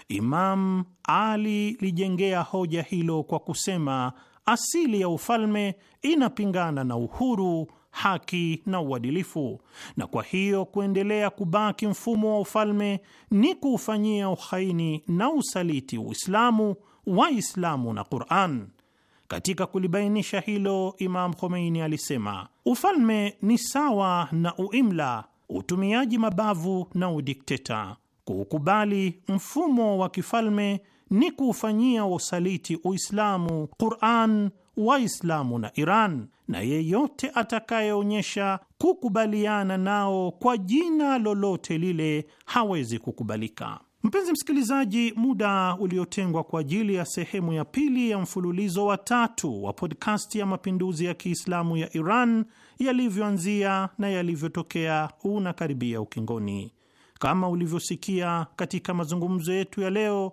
Imam Ali lijengea hoja hilo kwa kusema asili ya ufalme inapingana na uhuru, haki na uadilifu, na kwa hiyo kuendelea kubaki mfumo wa ufalme ni kuufanyia uhaini na usaliti Uislamu, Waislamu na Quran. Katika kulibainisha hilo, Imam Khomeini alisema ufalme ni sawa na uimla utumiaji mabavu na udikteta. Kuukubali mfumo wa kifalme ni kuufanyia wasaliti Uislamu, Quran, Waislamu na Iran, na yeyote atakayeonyesha kukubaliana nao kwa jina lolote lile hawezi kukubalika. Mpenzi msikilizaji, muda uliotengwa kwa ajili ya sehemu ya pili ya mfululizo wa tatu wa podkasti ya mapinduzi ya Kiislamu ya Iran yalivyoanzia na yalivyotokea unakaribia ukingoni. Kama ulivyosikia katika mazungumzo yetu ya leo,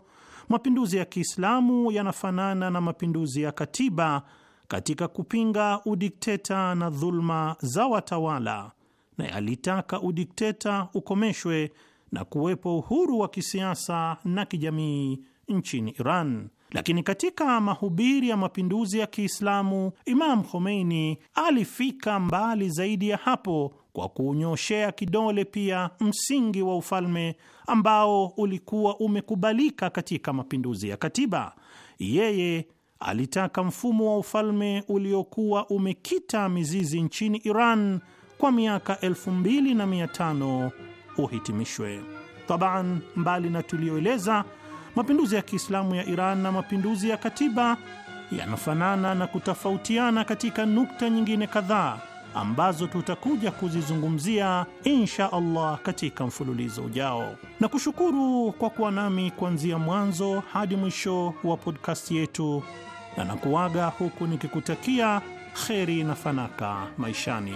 mapinduzi ya Kiislamu yanafanana na mapinduzi ya katiba katika kupinga udikteta na dhuluma za watawala, na yalitaka udikteta ukomeshwe na kuwepo uhuru wa kisiasa na kijamii nchini Iran. Lakini katika mahubiri ya mapinduzi ya Kiislamu, Imam Khomeini alifika mbali zaidi ya hapo kwa kuunyoshea kidole pia msingi wa ufalme ambao ulikuwa umekubalika katika mapinduzi ya katiba. Yeye alitaka mfumo wa ufalme uliokuwa umekita mizizi nchini Iran kwa miaka 25 uhitimishwe. Taban, mbali na tuliyoeleza Mapinduzi ya Kiislamu ya Iran na mapinduzi ya katiba yanafanana na kutofautiana katika nukta nyingine kadhaa ambazo tutakuja kuzizungumzia insha Allah katika mfululizo ujao, na kushukuru kwa kuwa nami kuanzia mwanzo hadi mwisho wa podcast yetu, na nakuaga huku nikikutakia kheri na fanaka maishani.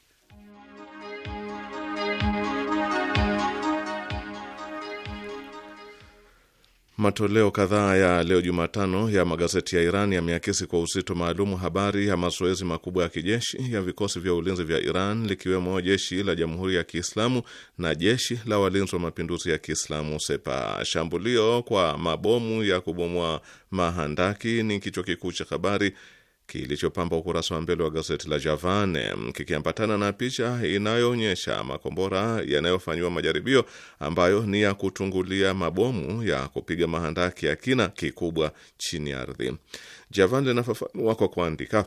matoleo kadhaa ya leo Jumatano ya magazeti ya Iran yameakisi kwa uzito maalumu habari ya mazoezi makubwa ya kijeshi ya vikosi vya ulinzi vya Iran likiwemo jeshi la Jamhuri ya Kiislamu na jeshi la walinzi wa mapinduzi ya Kiislamu Sepa. Shambulio kwa mabomu ya kubomoa mahandaki ni kichwa kikuu cha habari kilichopamba ukurasa wa mbele wa gazeti la Javane kikiambatana na picha inayoonyesha makombora yanayofanyiwa majaribio ambayo ni ya kutungulia mabomu ya kupiga mahandaki ya kina kikubwa chini ya ardhi. Javane linafafanua kwa kuandika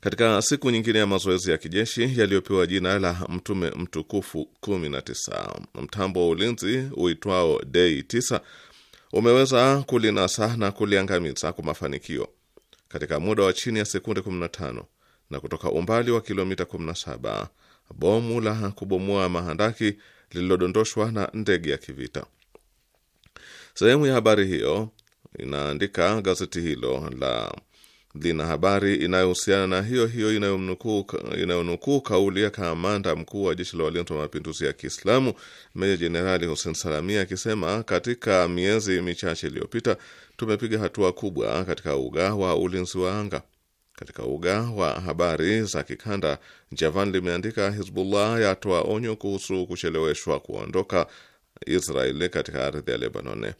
katika siku nyingine ya mazoezi ya kijeshi yaliyopewa jina la Mtume Mtukufu 19 mtambo wa ulinzi uitwao Dei 9 umeweza kulinasa na kuliangamiza kwa mafanikio katika muda wa chini ya sekunde 15 na kutoka umbali wa kilomita 17 bomu la kubomoa mahandaki lililodondoshwa na ndege ya kivita. Sehemu ya habari hiyo inaandika gazeti hilo la lina habari inayohusiana na hiyo hiyo inayonukuu inayonukuu kauli ya kamanda mkuu wa jeshi la walinzi wa mapinduzi ya Kiislamu Meja Jenerali Hussein Salamia akisema katika miezi michache iliyopita tumepiga hatua kubwa katika uga wa ulinzi wa anga. Katika uga wa habari za kikanda, Javan limeandika Hizbullah yatoa onyo kuhusu kucheleweshwa kuondoka Israeli katika ardhi ya Lebanon.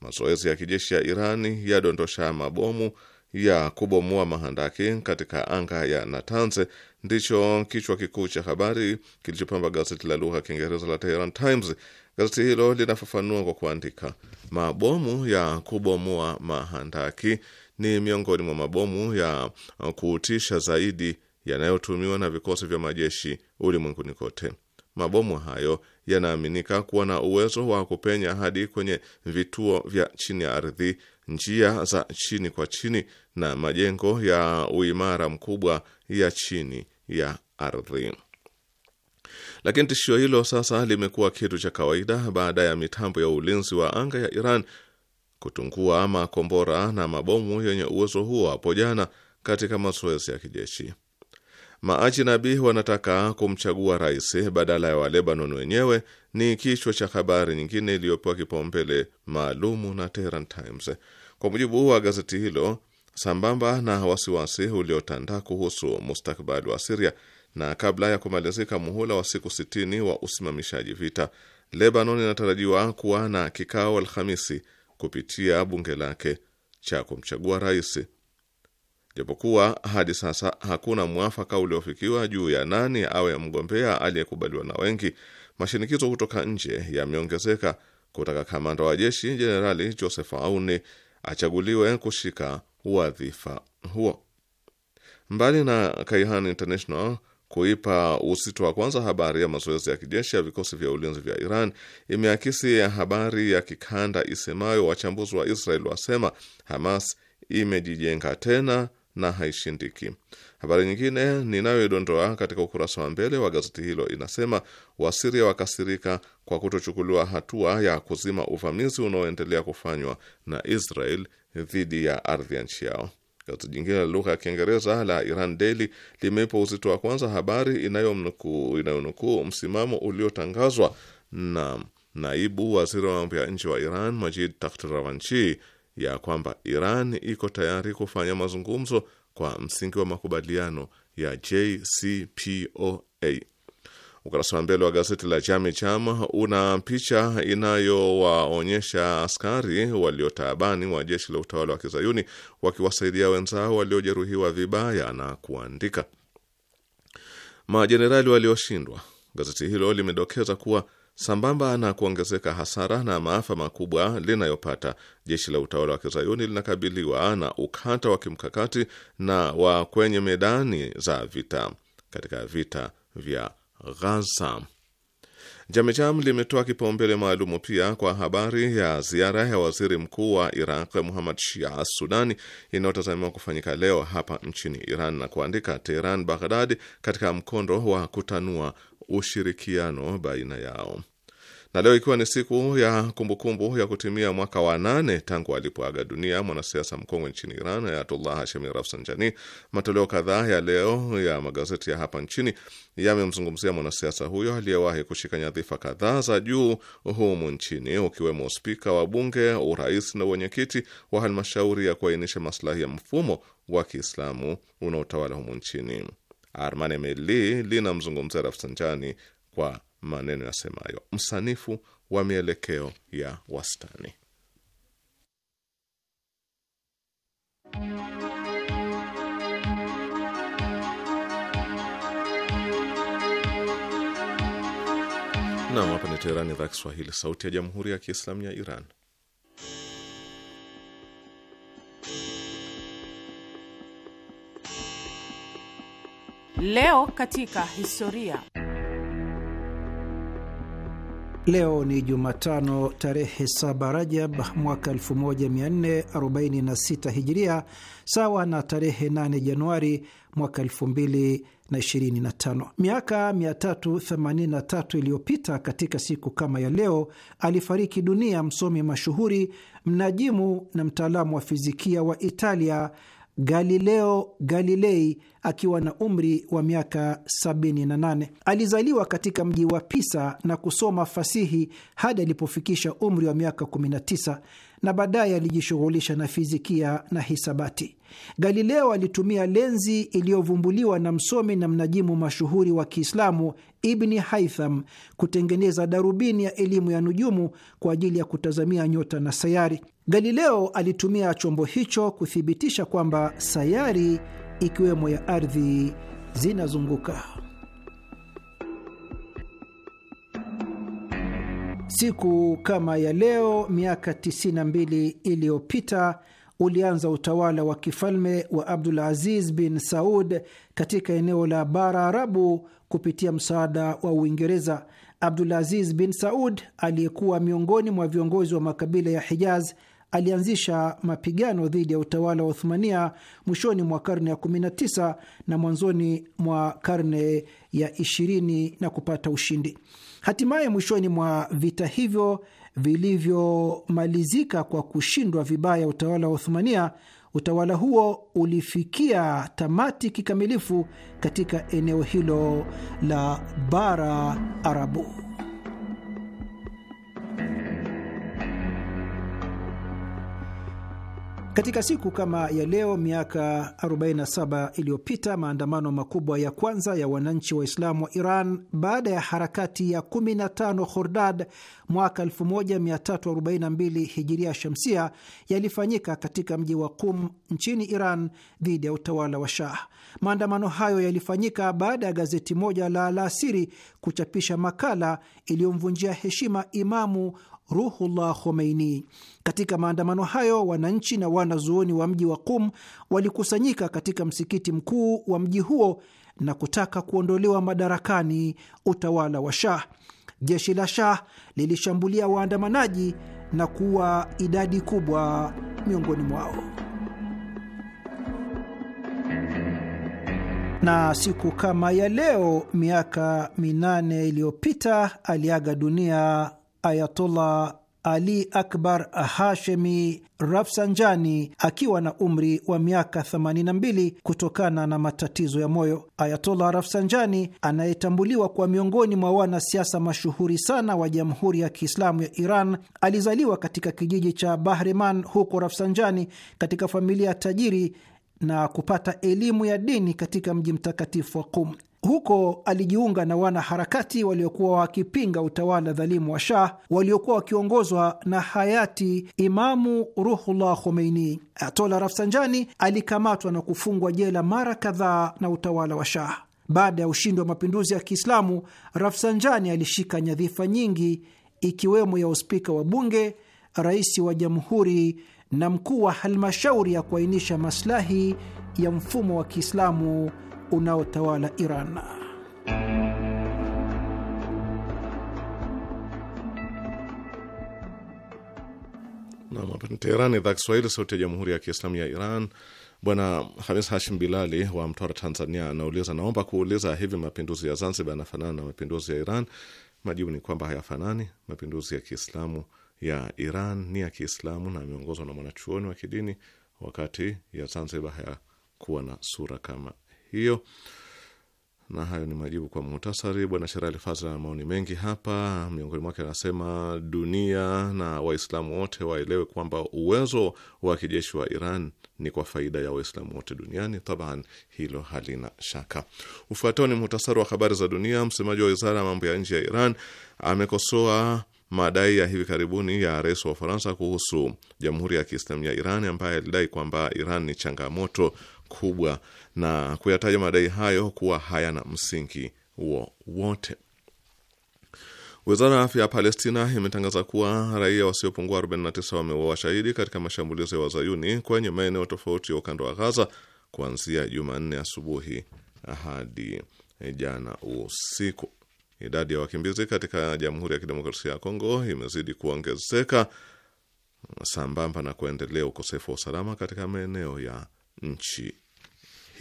Mazoezi ya kijeshi ya Irani yadondosha mabomu ya kubomoa mahandaki katika anga ya natanze ndicho kichwa kikuu cha habari kilichopamba gazeti la lugha ya Kiingereza la Tehran Times. Gazeti hilo linafafanua kwa kuandika, mabomu ya kubomoa mahandaki ni miongoni mwa mabomu ya kuutisha zaidi yanayotumiwa na vikosi vya majeshi ulimwenguni kote. Mabomu hayo yanaaminika kuwa na uwezo wa kupenya hadi kwenye vituo vya chini ya ardhi njia za chini kwa chini na majengo ya uimara mkubwa ya chini ya ardhi. Lakini tishio hilo sasa limekuwa kitu cha kawaida baada ya mitambo ya ulinzi wa anga ya Iran kutungua makombora na mabomu yenye uwezo huo hapo jana katika mazoezi ya kijeshi. Maajinabi wanataka kumchagua rais badala ya Walebanon wenyewe, ni kichwa cha habari nyingine iliyopewa kipaumbele maalumu na Tehran Times. Kwa mujibu wa gazeti hilo, sambamba na wasiwasi uliotandaa kuhusu mustakbali wa Siria na kabla ya kumalizika muhula wa siku sitini wa usimamishaji vita, Lebanon inatarajiwa kuwa na kikao Alhamisi kupitia bunge lake cha kumchagua rais, japokuwa hadi sasa hakuna mwafaka uliofikiwa juu ya nani awe mgombea aliyekubaliwa na wengi. Mashinikizo kutoka nje yameongezeka kutaka kamanda wa jeshi Jenerali Joseph Auni achaguliwe kushika wadhifa huo. Mbali na Kaihan International kuipa uzito wa kwanza habari ya mazoezi ya kijeshi ya vikosi vya ulinzi vya Iran, imeakisi ya habari ya kikanda isemayo wachambuzi wa Israel wasema Hamas imejijenga tena na haishindiki. Habari nyingine ninayodondoa katika ukurasa wa mbele wa gazeti hilo inasema Wasiria wakasirika kwa kutochukuliwa hatua ya kuzima uvamizi unaoendelea kufanywa na Israel dhidi ya ardhi ya nchi yao. Gazeti jingine la lugha ya Kiingereza la Iran Daily limeipa uzito wa kwanza habari inayonukuu inayonukuu msimamo uliotangazwa na naibu waziri wa mambo ya nje wa Iran Majid Takhtravanchi ya kwamba Iran iko tayari kufanya mazungumzo kwa msingi wa makubaliano ya JCPOA. Ukurasa wa mbele wa gazeti la Chame Chama una picha inayowaonyesha askari waliotaabani wa jeshi la utawala wa kizayuni wakiwasaidia wenzao waliojeruhiwa vibaya na kuandika majenerali walioshindwa. Gazeti hilo limedokeza kuwa Sambamba na kuongezeka hasara na maafa makubwa linayopata, jeshi la utawala wa kizayuni linakabiliwa na ukata wa kimkakati na wa kwenye medani za vita katika vita vya Ghaza. Jamejam limetoa kipaumbele maalumu pia kwa habari ya ziara ya waziri mkuu wa Iraq Muhammad Shia Sudani inayotazamiwa kufanyika leo hapa nchini Iran na kuandika Teheran Baghdad katika mkondo wa kutanua ushirikiano baina yao. Na leo ikiwa ni siku ya kumbukumbu kumbu ya kutimia mwaka wa nane tangu alipoaga dunia mwanasiasa mkongwe nchini Iran Ayatullah Hashemi Rafsanjani, matoleo kadhaa ya leo ya magazeti ya hapa nchini yamemzungumzia mwanasiasa huyo aliyewahi kushika nyadhifa kadhaa za juu humu nchini, ukiwemo spika wa bunge, urais na uwenyekiti wa halmashauri ya kuainisha maslahi ya mfumo wa Kiislamu unaotawala humu nchini. Armane Meli linamzungumzia Rafsanjani kwa maneno yasemayo msanifu wa mielekeo ya wastani. Nam, hapa ni Teherani, idhaa Kiswahili, sauti ya jamhuri ya kiislamu ya Iran. Leo katika historia Leo ni Jumatano tarehe 7 Rajab mwaka 1446 Hijiria, sawa na tarehe 8 Januari mwaka 2025. Miaka 383 iliyopita katika siku kama ya leo alifariki dunia msomi mashuhuri, mnajimu na mtaalamu wa fizikia wa Italia Galileo Galilei akiwa na umri wa miaka 78. Alizaliwa katika mji wa Pisa na kusoma fasihi hadi alipofikisha umri wa miaka 19 na baadaye alijishughulisha na fizikia na hisabati. Galileo alitumia lenzi iliyovumbuliwa na msomi na mnajimu mashuhuri wa Kiislamu Ibni Haytham kutengeneza darubini ya elimu ya nujumu kwa ajili ya kutazamia nyota na sayari. Galileo alitumia chombo hicho kuthibitisha kwamba sayari ikiwemo ya ardhi zinazunguka. Siku kama ya leo miaka 92 iliyopita ulianza utawala wa kifalme wa Abdul Aziz bin Saud katika eneo la bara Arabu kupitia msaada wa Uingereza. Abdul Aziz bin Saud aliyekuwa miongoni mwa viongozi wa makabila ya Hijaz alianzisha mapigano dhidi ya utawala wa Uthmania mwishoni mwa karne ya 19 na mwanzoni mwa karne ya 20 na kupata ushindi. Hatimaye mwishoni mwa vita hivyo vilivyomalizika kwa kushindwa vibaya utawala wa Uthmania, utawala huo ulifikia tamati kikamilifu katika eneo hilo la bara Arabu. Katika siku kama ya leo miaka 47 iliyopita maandamano makubwa ya kwanza ya wananchi Waislamu wa Iran baada ya harakati ya 15 Khordad mwaka 1342 Hijiria Shamsia yalifanyika katika mji wa Qum nchini Iran dhidi ya utawala wa Shah. Maandamano hayo yalifanyika baada ya gazeti moja la alasiri kuchapisha makala iliyomvunjia heshima Imamu Ruhullah Khomeini. Katika maandamano hayo, wananchi na wanazuoni wa mji wa Qum walikusanyika katika msikiti mkuu wa mji huo na kutaka kuondolewa madarakani utawala wa Shah. Jeshi la Shah lilishambulia waandamanaji na kuwa idadi kubwa miongoni mwao. Na siku kama ya leo miaka minane iliyopita aliaga dunia Ayatollah ali Akbar Hashemi Rafsanjani akiwa na umri wa miaka 82 kutokana na matatizo ya moyo. Ayatollah Rafsanjani anayetambuliwa kwa miongoni mwa wanasiasa mashuhuri sana wa Jamhuri ya Kiislamu ya Iran alizaliwa katika kijiji cha Bahreman huko Rafsanjani katika familia ya tajiri na kupata elimu ya dini katika mji mtakatifu wa Qum. Huko alijiunga na wanaharakati waliokuwa wakipinga utawala dhalimu wa Shah waliokuwa wakiongozwa na hayati Imamu Ruhullah Khomeini. Atola Rafsanjani alikamatwa na kufungwa jela mara kadhaa na utawala wa Shah. Baada ya ushindi wa mapinduzi ya Kiislamu, Rafsanjani alishika nyadhifa nyingi ikiwemo ya uspika wa bunge, rais wa jamhuri na mkuu wa halmashauri ya kuainisha maslahi ya mfumo wa Kiislamu unaotawala Iran. hapa ni Teherani, idhaa Kiswahili, sauti ya jamhuri ya kiislamu ya Iran. Bwana Hamis Hashim Bilali wa Mtwara, Tanzania, anauliza, naomba kuuliza, hivi mapinduzi ya Zanzibar yanafanana na mapinduzi ya Iran? Majibu ni kwamba hayafanani. Mapinduzi ya Kiislamu ya Iran ni ya Kiislamu na ameongozwa na mwanachuoni wa kidini, wakati ya Zanzibar hayakuwa na sura kama hiyo. Na hayo ni majibu kwa muhtasari. Bwana Sherali Fazla na maoni mengi hapa, miongoni mwake anasema dunia na Waislamu wote waelewe kwamba uwezo wa kijeshi wa Iran ni kwa faida ya Waislamu wote duniani. Taban, hilo halina shaka. Ufuatao ni muhtasari wa habari za dunia. Msemaji wa wizara ya mambo ya nje ya Iran amekosoa madai ya hivi karibuni ya rais wa Ufaransa kuhusu Jamhuri ya Kiislamu ya Iran ambaye alidai kwamba Iran ni changamoto kubwa na kuyataja madai hayo kuwa hayana msingi wowote. Wizara ya afya ya Palestina imetangaza kuwa raia wasiopungua 49 wameuawa shahidi katika mashambulizi ya wazayuni kwenye maeneo tofauti ya ukanda wa Ghaza kuanzia Jumanne asubuhi hadi jana usiku. Idadi ya wakimbizi katika Jamhuri ya Kidemokrasia ya Kongo imezidi kuongezeka sambamba na kuendelea ukosefu wa usalama katika maeneo ya nchi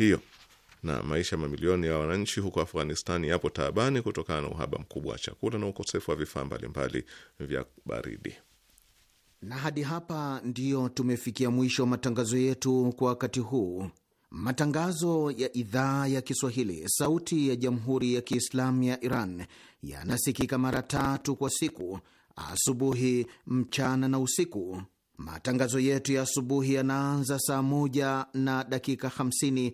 hiyo, na maisha mamilioni ya wananchi huko Afghanistani yapo taabani kutokana na uhaba mkubwa wa chakula na ukosefu wa vifaa mbalimbali vya baridi. Na hadi hapa ndiyo tumefikia mwisho wa matangazo yetu kwa wakati huu. Matangazo ya idhaa ya Kiswahili sauti ya jamhuri ya Kiislamu ya Iran yanasikika mara tatu kwa siku: asubuhi, mchana na usiku. Matangazo yetu ya asubuhi yanaanza saa moja na dakika hamsini